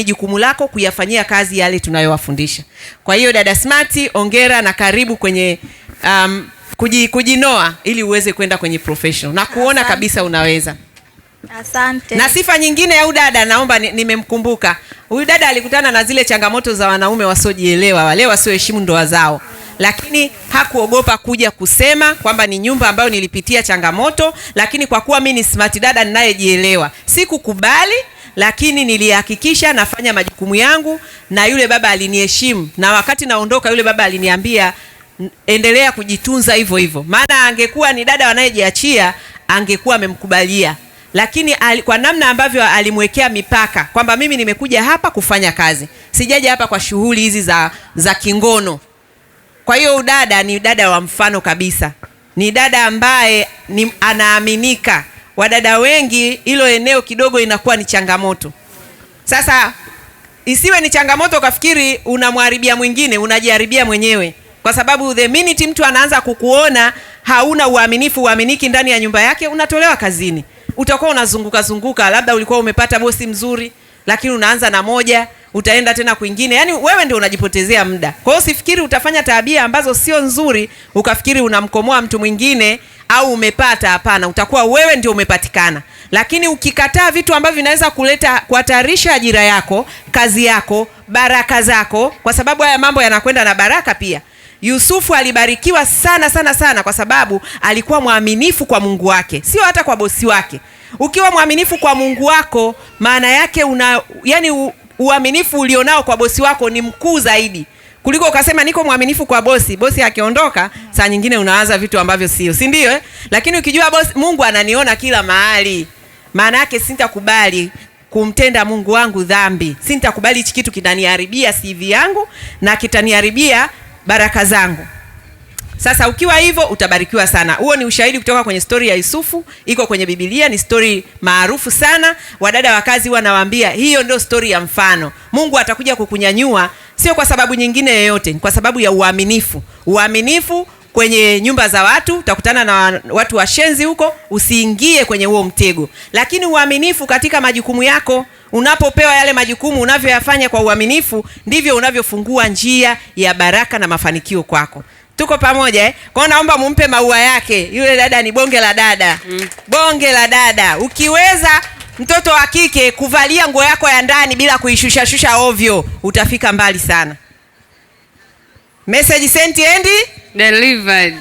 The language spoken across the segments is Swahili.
Ni jukumu lako kuyafanyia kazi yale tunayowafundisha. Kwa hiyo dada Smart, ongera na karibu kwenye um, kuji, kujinoa ili uweze kwenda kwenye professional na kuona Asante. kabisa unaweza. Asante. Na sifa nyingine ya udada naomba nimemkumbuka. ni Huyu dada alikutana na zile changamoto za wanaume wasiojielewa, wale wasioheshimu ndoa zao lakini hakuogopa kuja kusema kwamba ni nyumba ambayo nilipitia changamoto, lakini kwa kuwa mi ni smart dada ninayejielewa, sikukubali lakini nilihakikisha nafanya majukumu yangu, na yule baba aliniheshimu, na wakati naondoka yule baba aliniambia endelea kujitunza hivyo hivyo, maana angekuwa ni dada wanayejiachia angekuwa amemkubalia, lakini al, kwa namna ambavyo alimwekea mipaka kwamba mimi nimekuja hapa kufanya kazi, sijaja hapa kwa shughuli hizi za, za kingono. Kwa hiyo udada ni dada wa mfano kabisa, ni dada ambaye ni, anaaminika wadada wengi hilo eneo kidogo inakuwa ni changamoto. Sasa isiwe ni changamoto ukafikiri unamharibia mwingine, unajiharibia mwenyewe, kwa sababu the minute mtu anaanza kukuona hauna uaminifu, uaminiki ndani ya nyumba yake, unatolewa kazini, utakuwa unazunguka zunguka. Labda ulikuwa umepata bosi mzuri, lakini unaanza na moja, utaenda tena kwingine, yaani wewe ndio unajipotezea muda. Kwa hiyo usifikiri utafanya tabia ambazo sio nzuri ukafikiri unamkomoa mtu mwingine au umepata. Hapana, utakuwa wewe ndio umepatikana. Lakini ukikataa vitu ambavyo vinaweza kuleta kuhatarisha ajira yako, kazi yako, baraka zako, kwa sababu haya mambo yanakwenda na baraka pia. Yusufu alibarikiwa sana sana sana kwa sababu alikuwa mwaminifu kwa Mungu wake, sio hata kwa bosi wake. Ukiwa mwaminifu kwa Mungu wako, maana yake una yani u, uaminifu ulionao kwa bosi wako ni mkuu zaidi kuliko ukasema niko mwaminifu kwa bosi. Bosi akiondoka, mm. saa nyingine unawaza vitu ambavyo sio, si ndio eh? Lakini ukijua bosi, Mungu ananiona kila mahali, maana yake sintakubali kumtenda Mungu wangu dhambi, sintakubali hichi kitu, kitaniharibia CV yangu na kitaniharibia baraka zangu. Sasa ukiwa hivyo utabarikiwa sana. Huo ni ushahidi kutoka kwenye stori ya Yusufu, iko kwenye Biblia, ni stori maarufu sana. Wadada wa kazi wanawaambia hiyo ndio stori ya mfano. Mungu atakuja kukunyanyua sio kwa sababu nyingine yoyote, ni kwa sababu ya uaminifu. Uaminifu kwenye nyumba za watu, utakutana na watu washenzi huko, usiingie kwenye huo mtego, lakini uaminifu katika majukumu yako unapopewa yale majukumu, unavyoyafanya kwa uaminifu, ndivyo unavyofungua njia ya baraka na mafanikio kwako. Tuko pamoja eh? Kwa naomba mumpe maua yake. Yule dada ni bonge la dada mm. Bonge la dada. Ukiweza mtoto wa kike kuvalia nguo yako ya ndani bila kuishusha shusha ovyo, utafika mbali sana. Message sent endi delivered.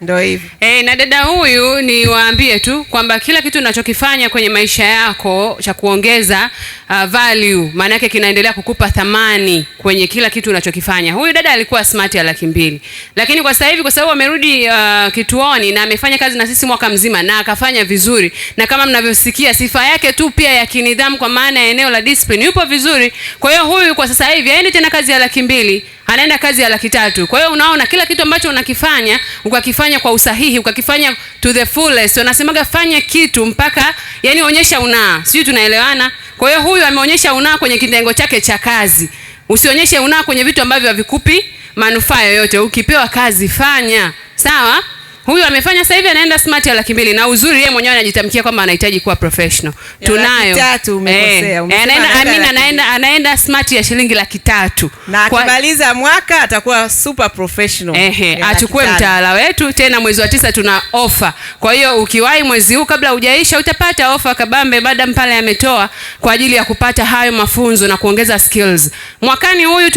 Ndio hivyo. Eh, na dada huyu niwaambie tu kwamba kila kitu unachokifanya kwenye maisha yako cha kuongeza uh, value maana yake kinaendelea kukupa thamani kwenye kila kitu unachokifanya. Huyu dada alikuwa smart ya laki mbili, lakini kwa sasa hivi kwa sababu amerudi uh, kituoni na amefanya kazi na sisi mwaka mzima na akafanya vizuri, na kama mnavyosikia sifa yake tu pia ya kinidhamu, kwa maana ya eneo la discipline yupo vizuri. Kwa hiyo huyu kwa sasa hivi haendi tena kazi ya laki mbili, anaenda kazi ya laki tatu. Kwa hiyo unaona kila kitu ambacho unakifanya ukakifanya ukakifanya kwa usahihi, ukakifanya to the fullest. Wanasemaga fanya kitu mpaka, yani onyesha unaa, sijui tunaelewana. Kwa hiyo huyu ameonyesha unaa kwenye kitengo chake cha kazi. Usionyeshe unaa kwenye vitu ambavyo havikupi manufaa yoyote. Ukipewa kazi fanya sawa huyu amefanya sasa hivi anaenda smart ya laki mbili na uzuri yeye mwenyewe anajitamkia kwamba anahitaji kuwa professional. Tunayo tatu umekosea, eh, anaenda anaenda anaenda smart ya shilingi laki tatu na akimaliza mwaka atakuwa super professional. Ehe, achukue mtaala wetu tena, mwezi wa tisa tuna offer, Kwa hiyo ukiwahi mwezi huu kabla hujaisha utapata offer kabambe, madam pale ametoa kwa ajili ya kupata hayo mafunzo na kuongeza skills. Mwakani huyu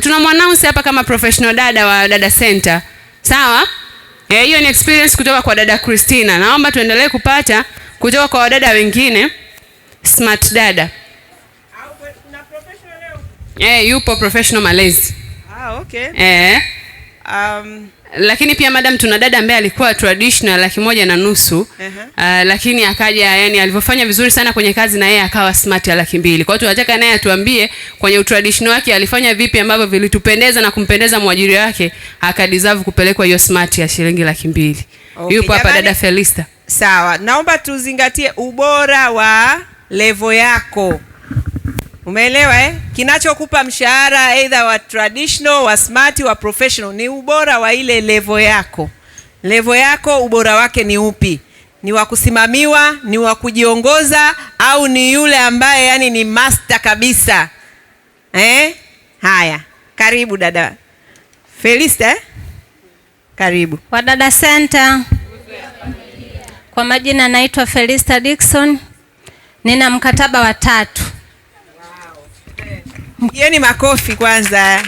tunamwannounce tuna hapa kama professional dada wa dada center, sawa? Eh, hiyo ni experience kutoka kwa dada Christina. Naomba tuendelee kupata kutoka kwa wadada wengine smart dada. Eh, yupo professional malezi. Ah, okay. Eh. Um lakini pia madam, tuna dada ambaye alikuwa traditional laki moja na nusu uh -huh. Uh, lakini akaja yani, alivyofanya vizuri sana kwenye kazi na yeye akawa smart ya laki mbili. Kwa hiyo tunataka naye atuambie kwenye utraditional wake alifanya vipi ambavyo vilitupendeza na kumpendeza mwajiri wake akadeserve kupelekwa hiyo smart ya shilingi laki mbili. Okay, yupo hapa dada Felista. Sawa, naomba tuzingatie ubora wa level yako. Umeelewa eh? Kinachokupa mshahara either wa traditional, wa smart, wa professional ni ubora wa ile levo yako. Levo yako ubora wake ni upi? Ni wa kusimamiwa, ni wa kujiongoza au ni yule ambaye yani ni master kabisa? Eh? Haya. Karibu dada Felista eh? Karibu Wadada Center. Kwa majina naitwa Felista Dickson, nina mkataba wa tatu Yeni makofi kwanza.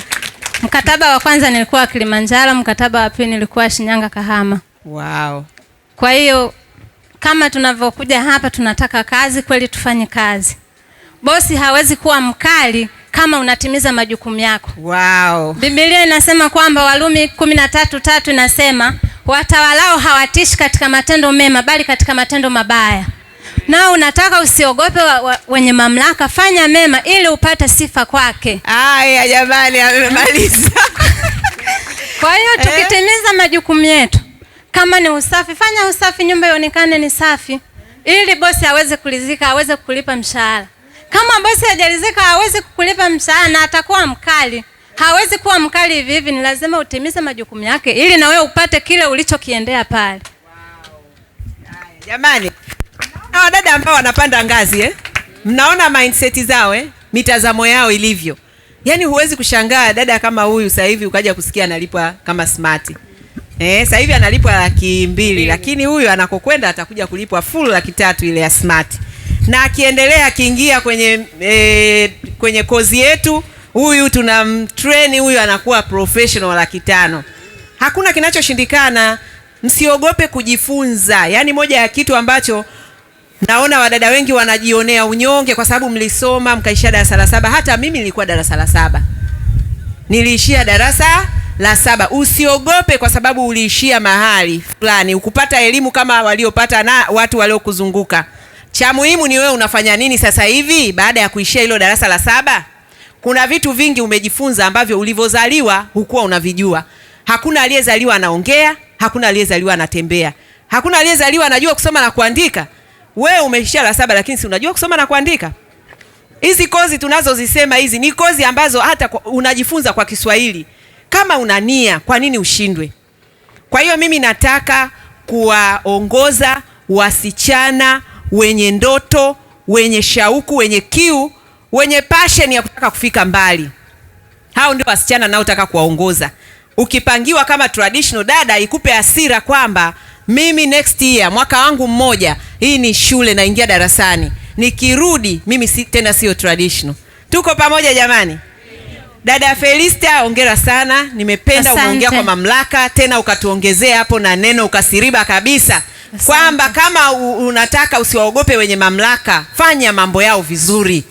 Mkataba wa kwanza nilikuwa Kilimanjaro, mkataba wa pili nilikuwa Shinyanga Kahama. Wow. Kwa hiyo kama tunavyokuja hapa tunataka kazi kweli, tufanye kazi. Bosi hawezi kuwa mkali kama unatimiza majukumu yako. Wow. Biblia inasema kwamba Warumi kumi na tatu tatu inasema watawalao hawatishi katika matendo mema, bali katika matendo mabaya na unataka usiogope wa, wa, wenye mamlaka, fanya mema ili upate sifa kwake. Aya, jamani, amemaliza. Kwa hiyo tukitimiza eh? majukumu yetu, kama ni usafi, fanya usafi, nyumba ionekane ni safi, ili bosi aweze kulizika, aweze kukulipa mshahara. Kama bosi hajalizika, hawezi kukulipa mshahara na atakuwa mkali. Hawezi kuwa mkali hivi hivi, ni lazima utimize majukumu yake ili na wewe upate kile ulichokiendea pale. Wow. Jamani Hawa ah, dada ambao wanapanda ngazi eh? Mnaona mindset zao eh? Mitazamo yao ilivyo. Yaani huwezi kushangaa dada kama huyu sasa hivi ukaja kusikia analipwa kama smart. Eh, sasa hivi analipwa laki mbili lakini huyu anakokwenda atakuja kulipwa full laki tatu ile ya smart. Na akiendelea akiingia kwenye e, kwenye kozi yetu huyu tunamtrain huyu anakuwa professional laki tano. Hakuna kinachoshindikana. Msiogope kujifunza. Yaani moja ya kitu ambacho Naona wadada wengi wanajionea unyonge kwa sababu mlisoma mkaishia darasa la saba. Hata mimi nilikuwa darasa la saba, niliishia darasa la saba. Usiogope kwa sababu uliishia mahali fulani, ukupata elimu kama waliopata na watu waliokuzunguka. Cha muhimu ni wewe unafanya nini sasa hivi baada ya kuishia hilo darasa la saba. Kuna vitu vingi umejifunza ambavyo ulivyozaliwa hukuwa unavijua. Hakuna aliyezaliwa anaongea, hakuna aliyezaliwa anatembea, hakuna aliyezaliwa anajua kusoma na kuandika wewe umeishia la saba, lakini si unajua kusoma na kuandika. Hizi kozi tunazozisema hizi ni kozi ambazo hata kwa, unajifunza kwa Kiswahili kama una nia, kwa nini ushindwe? Kwa hiyo mimi nataka kuwaongoza wasichana wenye ndoto, wenye shauku, wenye kiu, wenye passion ya kutaka kufika mbali. Hao ndio wasichana naotaka kuwaongoza. Ukipangiwa kama traditional dada, ikupe asira kwamba mimi next year mwaka wangu mmoja, hii ni shule, naingia darasani, nikirudi mimi si, tena sio traditional. Tuko pamoja jamani? Dada Felista, ongera sana, nimependa umeongea kwa mamlaka, tena ukatuongezea hapo na neno ukasiriba kabisa kwamba kama unataka usiwaogope wenye mamlaka, fanya mambo yao vizuri,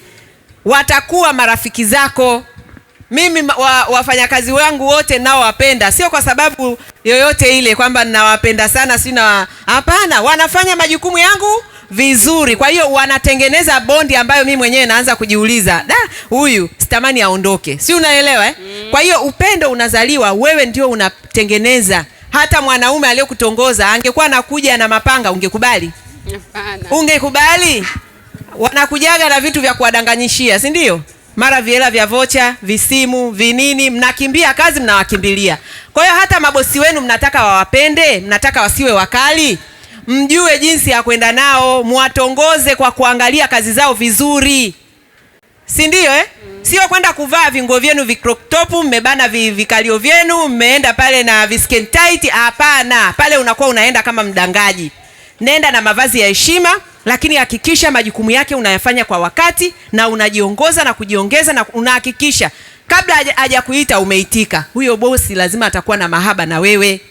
watakuwa marafiki zako mimi wa, wafanyakazi wangu wote naowapenda, sio kwa sababu yoyote ile kwamba ninawapenda sana, na Hapana, wanafanya majukumu yangu vizuri, kwa hiyo wanatengeneza bondi ambayo mimi mwenyewe naanza kujiuliza, da, huyu sitamani aondoke, si unaelewa eh? Mm. Kwa hiyo upendo unazaliwa, wewe ndio unatengeneza. Hata mwanaume aliyokutongoza angekuwa anakuja na mapanga, ungekubali? Hapana. Ungekubali? Wanakujaga na vitu vya kuwadanganyishia, si ndio? mara viela vya vocha, visimu, vinini, mnakimbia kazi mnawakimbilia. Kwa hiyo hata mabosi wenu mnataka wawapende, mnataka wasiwe wakali, mjue jinsi ya kwenda nao, mwatongoze kwa kuangalia kazi zao vizuri, si ndio eh? Mm. Sio kwenda kuvaa vinguo vyenu vikroktopu mmebana vikalio vyenu, mmeenda pale na viskentaiti. Hapana, pale unakuwa unaenda kama mdangaji. Nenda na mavazi ya heshima lakini hakikisha majukumu yake unayafanya kwa wakati na unajiongoza na kujiongeza na unahakikisha kabla hajakuita umeitika. Huyo bosi lazima atakuwa na mahaba na wewe,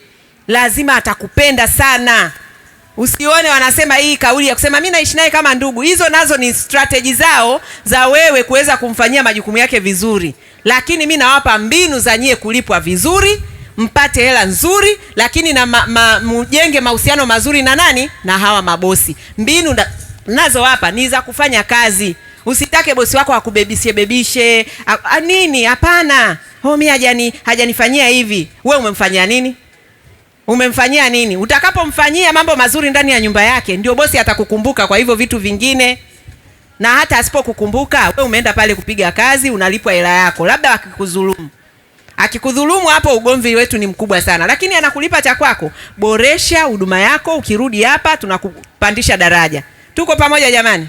lazima atakupenda sana. Usione wanasema hii kauli ya kusema mimi naishi naye kama ndugu, hizo nazo ni strategy zao za wewe kuweza kumfanyia majukumu yake vizuri, lakini mimi nawapa mbinu za nyie kulipwa vizuri mpate hela nzuri, lakini na ma, ma, mjenge mahusiano mazuri na nani, na hawa mabosi. Mbinu nazo hapa ni za kufanya kazi. Usitake bosi wako akubebishe bebishe a, nini? Hapana, homi oh, hajani hajanifanyia hivi. We umemfanyia nini? Umemfanyia nini? Utakapomfanyia mambo mazuri ndani ya nyumba yake, ndio bosi atakukumbuka kwa hivyo vitu vingine na hata asipokukumbuka, we umeenda pale kupiga kazi, unalipwa hela yako, labda wakikudhulumu Akikudhulumu hapo, ugomvi wetu ni mkubwa sana, lakini anakulipa cha kwako. Boresha huduma yako, ukirudi hapa tunakupandisha daraja. Tuko pamoja jamani?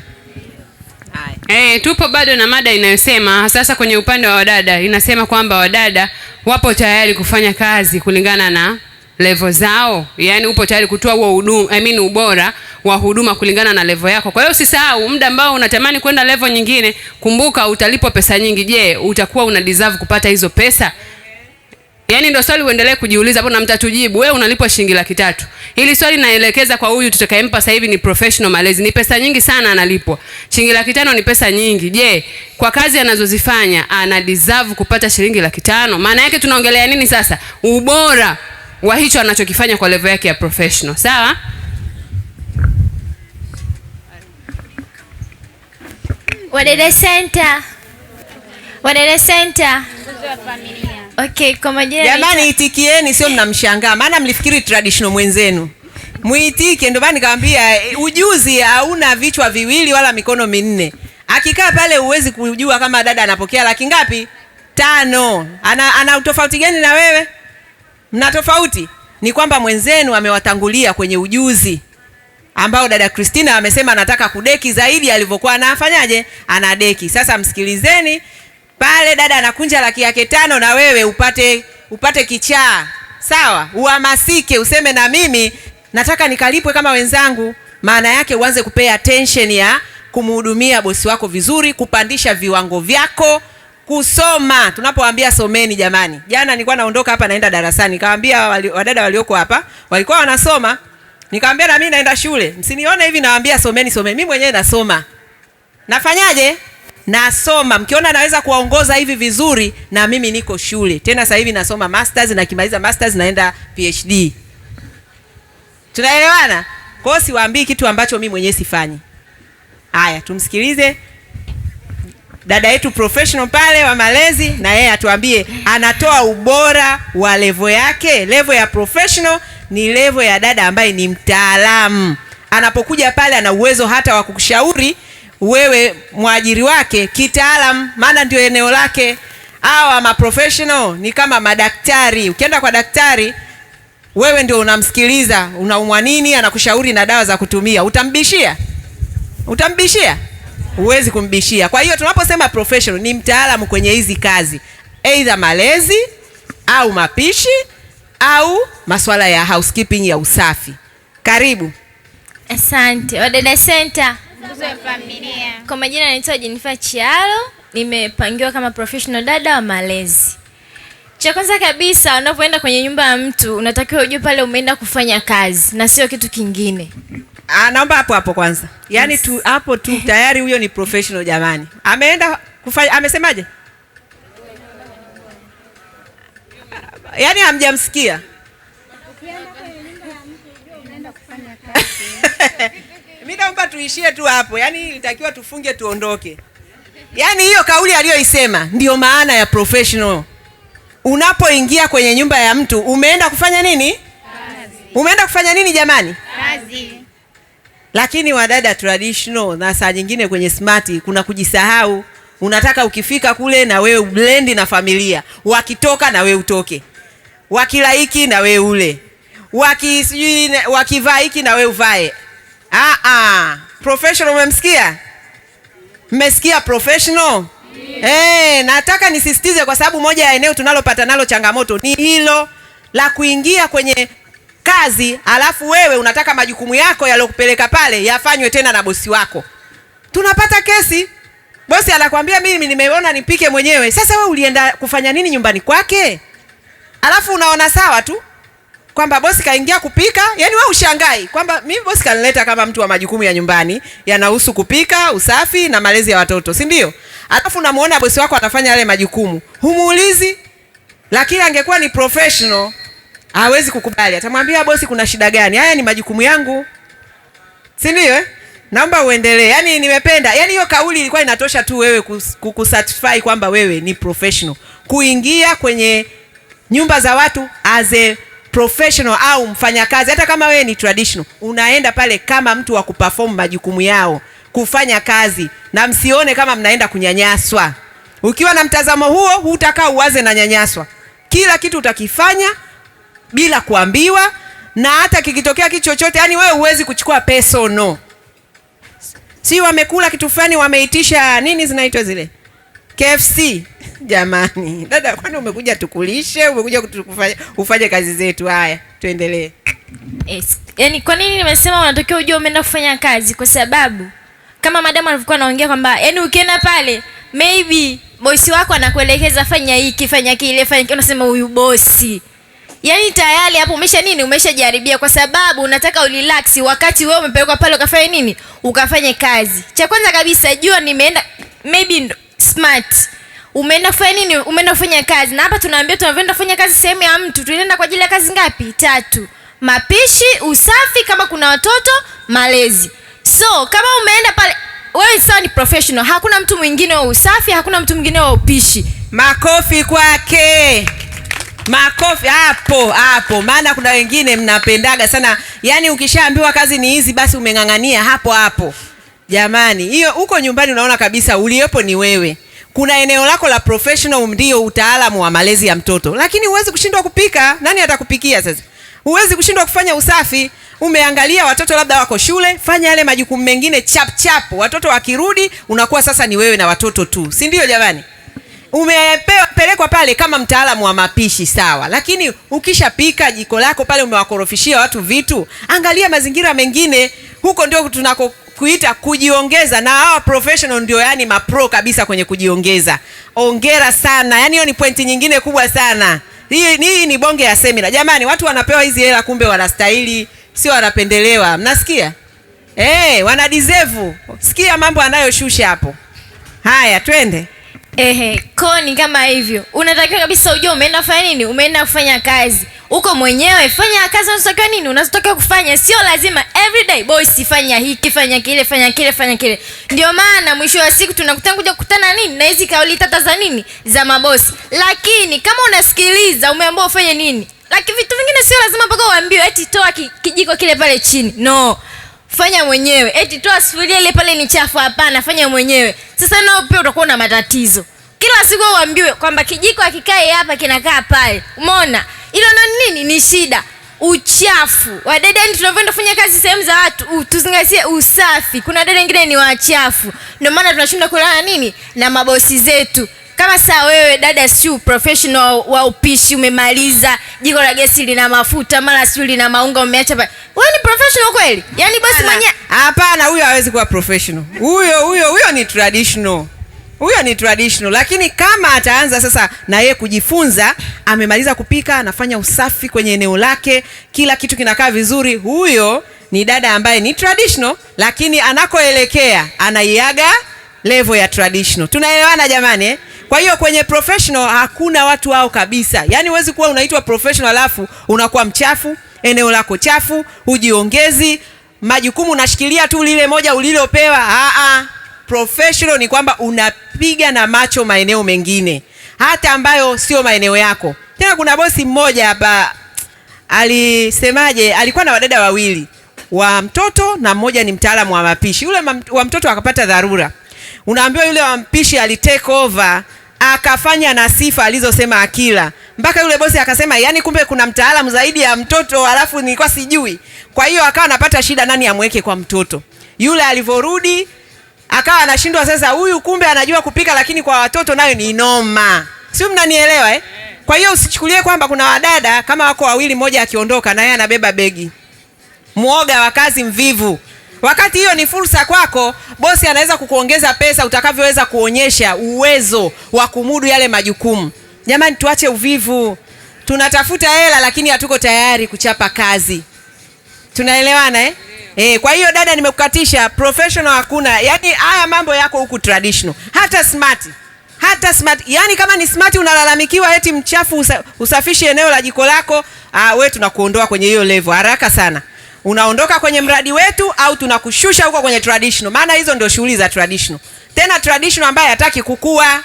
Hey, eh, tupo bado na mada inayosema sasa kwenye upande wa wadada inasema kwamba wadada wapo tayari kufanya kazi kulingana na levo zao, yani upo tayari kutoa huo huduma, I mean ubora wa huduma kulingana na levo yako. Kwa hiyo usisahau muda ambao unatamani kwenda levo nyingine, kumbuka utalipwa pesa nyingi. Je, utakuwa una deserve kupata hizo pesa? Yaani ndio swali uendelee kujiuliza hapo na mtatujibu. Wewe unalipwa shilingi laki tatu. Hili swali naelekeza kwa huyu tutakayempa sasa hivi ni professional malezi. Ni pesa nyingi sana analipwa. Shilingi laki tano ni pesa nyingi. Je, kwa kazi anazozifanya ana deserve kupata shilingi laki tano? Maana yake tunaongelea nini sasa? Ubora wa hicho anachokifanya kwa level yake ya professional. Sawa? Wadada Center. Wadada Center. Okay, kwa majina jamani, itikieni, sio mnamshangaa, maana mlifikiri traditional mwenzenu Mwitike. Ndio maana nikamwambia eh, ujuzi hauna vichwa viwili wala mikono minne. Akikaa pale huwezi kujua kama dada anapokea laki ngapi, tano. Ana, ana tofauti gani na wewe? Mna tofauti ni kwamba mwenzenu amewatangulia kwenye ujuzi ambao dada Christina amesema anataka kudeki zaidi alivyokuwa anafanyaje, anadeki. Sasa msikilizeni pale dada anakunja laki yake tano na wewe upate upate kichaa sawa, uhamasike, useme na mimi nataka nikalipwe kama wenzangu. Maana yake uanze kupea attention ya kumhudumia bosi wako vizuri, kupandisha viwango vyako, kusoma. Tunapoambia someni, jamani, jana nilikuwa naondoka hapa naenda darasani, nikawaambia wadada walioko hapa walikuwa wanasoma, nikawaambia na mimi naenda shule, msinione hivi, nawaambia someni, someni. Mimi mwenyewe nasoma, nafanyaje? nasoma mkiona naweza kuwaongoza hivi vizuri, na mimi niko shule tena. Sasa hivi nasoma masters na kimaliza masters naenda PhD. Tunaelewana? Kwa hiyo siwaambii kitu ambacho mimi mwenyewe sifanyi. Haya, tumsikilize dada yetu professional pale wa malezi, na yeye atuambie anatoa ubora wa levo yake. Levo ya professional ni levo ya dada ambaye ni mtaalamu, anapokuja pale ana uwezo hata wa kukushauri wewe mwajiri wake kitaalam, maana ndio eneo lake. Hawa maprofessional ni kama madaktari. Ukienda kwa daktari, wewe ndio unamsikiliza, unaumwa nini, anakushauri na dawa za kutumia. Utambishia? Utambishia? Huwezi kumbishia. Kwa hiyo tunaposema professional ni mtaalamu kwenye hizi kazi, aidha malezi au mapishi au masuala ya housekeeping ya usafi. Karibu. Asante Wadada Center. Kwa majina naitwa Jenifer Chialo, nimepangiwa kama professional dada wa malezi. Cha kwanza kabisa, unapoenda kwenye nyumba ya mtu unatakiwa ujue pale umeenda kufanya kazi na sio kitu kingine. Ah, naomba hapo hapo kwanza, yaani yes. tu hapo tu tayari huyo ni professional jamani, ameenda kufanya, amesemaje? Yaani hamjamsikia Mimi naomba tuishie tu hapo, yaani ilitakiwa tufunge tuondoke. Yaani hiyo kauli aliyoisema ndiyo maana ya professional. Unapoingia kwenye nyumba ya mtu umeenda kufanya nini? Kazi. Umeenda kufanya nini jamani? Kazi. Lakini wadada traditional na saa nyingine kwenye smart kuna kujisahau. Unataka ukifika kule na wewe blend na familia, wakitoka na wewe utoke, wakilaiki na wewe ule, wakivaa hiki na wewe uvae Ah, ah. Professional umemsikia? Mmesikia professional? Hey, nataka nisisitize kwa sababu moja ya eneo tunalopata nalo changamoto ni hilo la kuingia kwenye kazi alafu wewe unataka majukumu yako yaliyokupeleka pale yafanywe tena na bosi wako. Tunapata kesi, bosi anakwambia mimi nimeona nipike mwenyewe. Sasa wewe ulienda kufanya nini nyumbani kwake? Alafu unaona sawa tu kwamba bosi kaingia kupika, yani wewe ushangai kwamba mimi bosi kanileta kama mtu wa majukumu ya nyumbani yanahusu kupika, usafi na malezi ya watoto, si ndio? Alafu unamuona bosi wako anafanya yale majukumu, humuulizi. Lakini angekuwa ni professional hawezi kukubali, atamwambia bosi, kuna shida gani? Haya ni majukumu yangu, si ndio? Eh, naomba uendelee. Yani nimependa, yani hiyo kauli ilikuwa inatosha tu wewe kukusatisfy kwamba wewe ni professional, kuingia kwenye nyumba za watu as a professional au mfanyakazi, hata kama wewe ni traditional, unaenda pale kama mtu wa kuperform majukumu yao, kufanya kazi, na msione kama mnaenda kunyanyaswa. Ukiwa na mtazamo huo, hutakaa uwaze na nyanyaswa. Kila kitu utakifanya bila kuambiwa, na hata kikitokea kitu chochote, yani wewe huwezi kuchukua personal. Si wamekula kitu fulani, wameitisha nini, zinaitwa zile KFC Jamani dada, kwani umekuja tukulishe? Umekuja kufanya ufanye kazi zetu? Haya, tuendelee. Yes. Eh, yaani, kwa nini nimesema unatokea ujue umeenda kufanya kazi? Kwa sababu kama madamu alivyokuwa anaongea kwamba yaani ukienda pale maybe bosi wako anakuelekeza fanya hiki, fanya kile, fanya kile, unasema huyu bosi yaani tayari hapo umesha nini, umeshajaribia, kwa sababu unataka urelax wakati wewe umepelekwa pale ukafanye nini, ukafanye kazi. Cha kwanza kabisa jua nimeenda maybe smart umeenda kufanya nini? Umeenda kufanya kazi. Na hapa tunaambia tunavyoenda kufanya kazi sehemu ya mtu, tunaenda kwa ajili ya kazi ngapi? Tatu: mapishi, usafi, kama kuna watoto, malezi. So kama umeenda pale wewe sasa ni professional. Hakuna mtu mwingine wa usafi, hakuna mtu mwingine wa upishi. Makofi kwake, makofi hapo hapo, maana kuna wengine mnapendaga sana, yani ukishaambiwa kazi ni hizi, basi umeng'ang'ania hapo hapo. Jamani, hiyo huko nyumbani unaona kabisa uliyepo ni wewe kuna eneo lako la professional, ndio utaalamu wa malezi ya mtoto, lakini huwezi kushindwa kupika. Nani atakupikia sasa? Huwezi kushindwa kufanya usafi. Umeangalia watoto labda wako shule, fanya yale majukumu mengine chap chap. Watoto wakirudi, unakuwa sasa ni wewe na watoto tu, si ndio? Jamani, umepelekwa pale kama mtaalamu wa mapishi sawa, lakini ukishapika jiko lako pale, umewakorofishia watu vitu, angalia mazingira mengine huko, ndio tunako kuita kujiongeza, na hawa professional ndio yani mapro kabisa kwenye kujiongeza. Ongera sana, yani hiyo ni pointi nyingine kubwa sana. Hii, hii ni bonge ya semina jamani, watu wanapewa hizi hela kumbe wanastahili, sio wanapendelewa. Mnasikia eh? Hey, deserve. Sikia mambo anayoshusha hapo. Haya, twende. Ehe, koni kama hivyo, unatakiwa kabisa ujue umeenda kufanya nini, umeenda kufanya kazi uko mwenyewe, fanya kazi unazotakiwa nini, unazotakiwa kufanya. Sio lazima everyday boys, fanya hiki fanya kile fanya kile fanya kile. Ndio maana mwisho wa siku tunakutana kuja kukutana nini na hizi kauli tata za nini za mabosi, lakini kama unasikiliza, umeambiwa ufanye nini, lakini vitu vingine sio lazima mpaka uambiwe eti toa kijiko kile pale chini, no fanya mwenyewe, eti toa sufuria ile pale ni chafu. Hapana, fanya mwenyewe. Sasa nao pia utakuwa na matatizo kila siku, uambiwe kwamba kijiko akikae hapa kinakaa pale. Umeona ilo na nini? Ni shida uchafu Wadada, dada. Yani tunavyoenda kufanya kazi sehemu za watu, tuzingatie usafi. Kuna dada wengine ni wachafu, ndio maana tunashinda kulala nini na mabosi zetu. Kama saa wewe dada, siu professional wa upishi, umemaliza jiko la gesi lina mafuta, mara siu lina maunga, umeacha pale Wewe ni professional kweli? Yaani bosi mwenye Hapana, huyo hawezi kuwa professional. Huyo huyo huyo ni traditional huyo ni traditional, lakini kama ataanza sasa na yeye kujifunza, amemaliza kupika, anafanya usafi kwenye eneo lake, kila kitu kinakaa vizuri, huyo ni dada ambaye ni traditional, lakini anakoelekea anaiaga level ya traditional. Tunaelewana jamani eh? Kwa hiyo kwenye professional hakuna watu hao kabisa. Yaani huwezi kuwa unaitwa professional alafu unakuwa mchafu, eneo lako chafu, hujiongezi, majukumu unashikilia tu lile moja ulilopewa. Ah ah. Professional ni kwamba unapiga na macho maeneo mengine hata ambayo sio maeneo yako. Tena kuna bosi mmoja hapa alisemaje, alikuwa na wadada wawili wa mtoto na mmoja ni mtaalamu wa mapishi. Yule wa mtoto akapata dharura, unaambiwa yule wa mpishi alitake over akafanya na sifa alizosema akila, mpaka yule bosi akasema, yani kumbe kuna mtaalamu zaidi ya mtoto, alafu nilikuwa sijui. Kwa hiyo akawa anapata shida, nani amweke kwa mtoto yule. alivorudi akawa anashindwa sasa, huyu kumbe anajua kupika, lakini kwa watoto nayo ni noma, sio? Mnanielewa eh? Kwa hiyo usichukulie kwamba kuna wadada kama wako wawili, mmoja akiondoka na yeye anabeba begi. Mwoga wa kazi, mvivu. Wakati hiyo ni fursa kwako, bosi anaweza kukuongeza pesa utakavyoweza kuonyesha uwezo wa kumudu yale majukumu. Jamani, tuache uvivu, tunatafuta hela lakini hatuko tayari kuchapa kazi. Tunaelewana eh? Eh, kwa hiyo dada, nimekukatisha professional hakuna. Yaani haya mambo yako huku traditional, hata smart, hata smart. Yaani kama ni smart unalalamikiwa eti mchafu usa, usafishe eneo la jiko lako. Ah, we tunakuondoa kwenye hiyo level haraka sana unaondoka kwenye mradi wetu au tunakushusha huko kwenye traditional, maana hizo ndio shughuli za traditional. Tena traditional ambaye hataki kukua,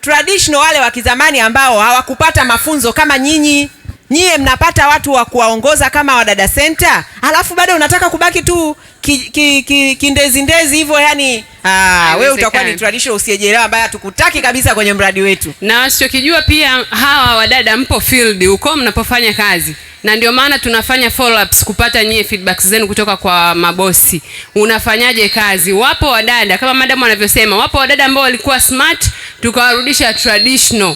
traditional wale wa kizamani ambao hawakupata mafunzo kama nyinyi. Nyie mnapata watu wa kuwaongoza kama wadada senta, alafu bado unataka kubaki tu kindezi ki, ki, ndezi hivyo yani. Ah, wewe utakuwa ni traditional usiejelewa ambaye hatukutaki kabisa kwenye mradi wetu. Na wasichokijua pia, hawa wadada mpo field huko mnapofanya kazi, na ndio maana tunafanya follow ups kupata nyie feedback zenu kutoka kwa mabosi. Unafanyaje kazi? Wapo wadada kama madam anavyosema, wapo wadada ambao walikuwa smart tukawarudisha traditional.